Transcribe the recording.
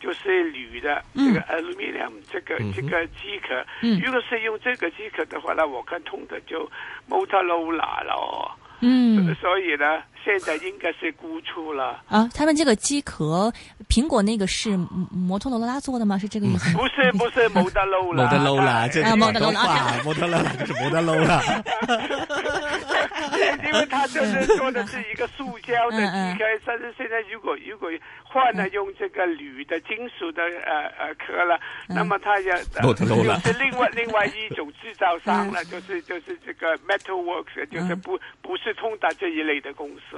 就是鋁的，嗯、這個 aluminium，嗯、這個這個機殼，嗯、如果是用這個機殼的話呢，我看通的就 Motorola 咯、哦嗯呃，所以呢。現在應該是估出了啊！他們這個機殼，蘋果那個是摩托羅拉做的嗎？是這個意思？不是，不是，摩托羅拉，摩托羅拉，這是摩托羅拉，摩托羅拉是摩托羅拉。因為他就是做的是一個塑膠的殼，但是現在如果如果換了用這個鋁的金屬的呃呃殼了，那麼他要又是另外另外一種製造商了，就是就是這個 Metalworks，就是不不是通達這一類的公司。